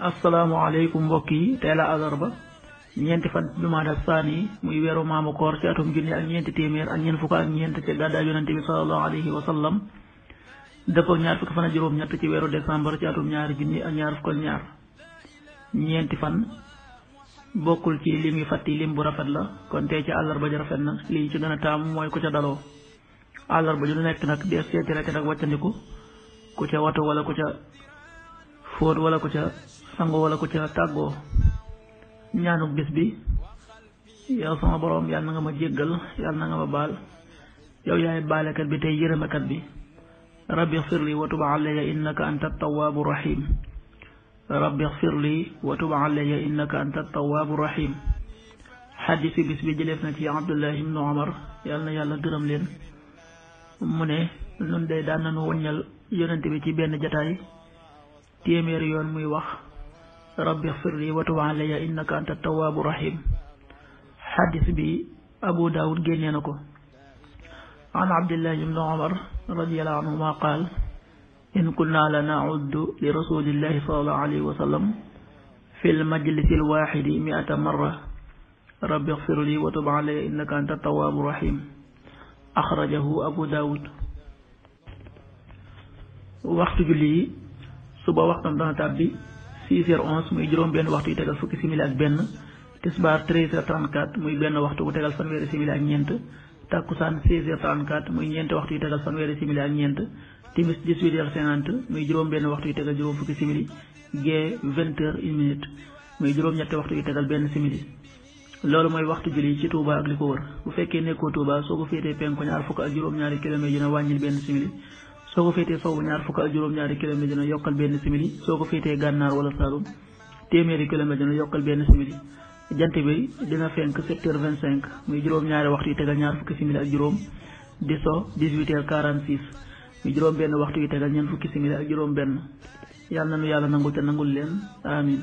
asalaamaaleykum mbokk yi tey la àllarba ñeenti fan jumaada saani muy weeru maamu koor ci atum junni ak ñeenti téeméer ak ñeent fukk ak ñeent ci gàddaay yonente bi salallahu alayhi wa sallam dëppoo ak ñaar fukki fan ak juróom-ñett ci weeru décembre ci atum ñaari junni ak ñaar fukk ñaar ñeenti fan bokkul ci lim yu fàtti lim bu rafet la kon tey ci àllarba ji rafet na lii ci gën a mooy ku ca daloo àllarba ju nekk nag dees seeti rek nag wàccandiku ku wala ku ca fóot wala ko ca sango wala ko ca tàggoo ñaanuk bis bi yow sama boroom yàlla na ma jéggal yàlla na nga ma baal yow yaay baalekat bi tey yërëmekat bi rabbi xfir li wa tub alayya innaka anta tawaabu rahim rabbi xfir li wa tub alayya innaka anta tawaabu rahim xadis bi bis bi na ci abdullahi ibnu omar yàlla na yàlla gërëm leen mu ne nun day daan nañu wëññal yonent bi ci benn jataay téeméeri yoon muy wax rabbi firli wa tub alayya innaka anta tawaabu rahim xadis bi abu daawud génnee na ko an abdillahi ibni omar radiallahu anhuma qaal in kunna la naudu li rasulillahi salallahu alayhi wa sallam fi lmajlisi alwaxidi miata marra rabbi xfir li wa tub alayya innaka anta tawaabu rahim axrajahu abu daawud waxtu julli suba waxtam dana tàbbi 6 heures 11 muy juróom benn waxtu yu tegal fukki simili ak benn tisbaar 13 heures 34 muy benn waxtu bu tegal fanweeri simili ak ñeent takkusaan 16 heures 34 muy ñeenti waxtu yu tegal fanweeri simili timis muy juróom benn waxtu yu tegal fukki simili gee 20 heures 1 muy juróom ñetti waxtu yu tegal benn simili loolu mooy waxtu julli ci Touba ak li ko wër bu fekkee nekkoo Touba soo ko féetee penku ñaar fukk ak juróom-ñaari kilomètres yi na wàññil benn simili soo ko féetee sowwu ñaar fukk ak juróom-ñaari kilomètre dina yokkal benn simili soo ko féetee gànnaar wala Saalum téeméeri kilomètre dina yokkal benn simili jant bi dina fenk 7 heures 25 muy juróom-ñaari waxtu yu tegal ñaar fukki simili ak juróom di so 18 heures 46 muy juróom-benn waxtu yu tegal ñeent fukki simili ak juróom-benn yàlla na nu yàlla nangu te nangul leen amin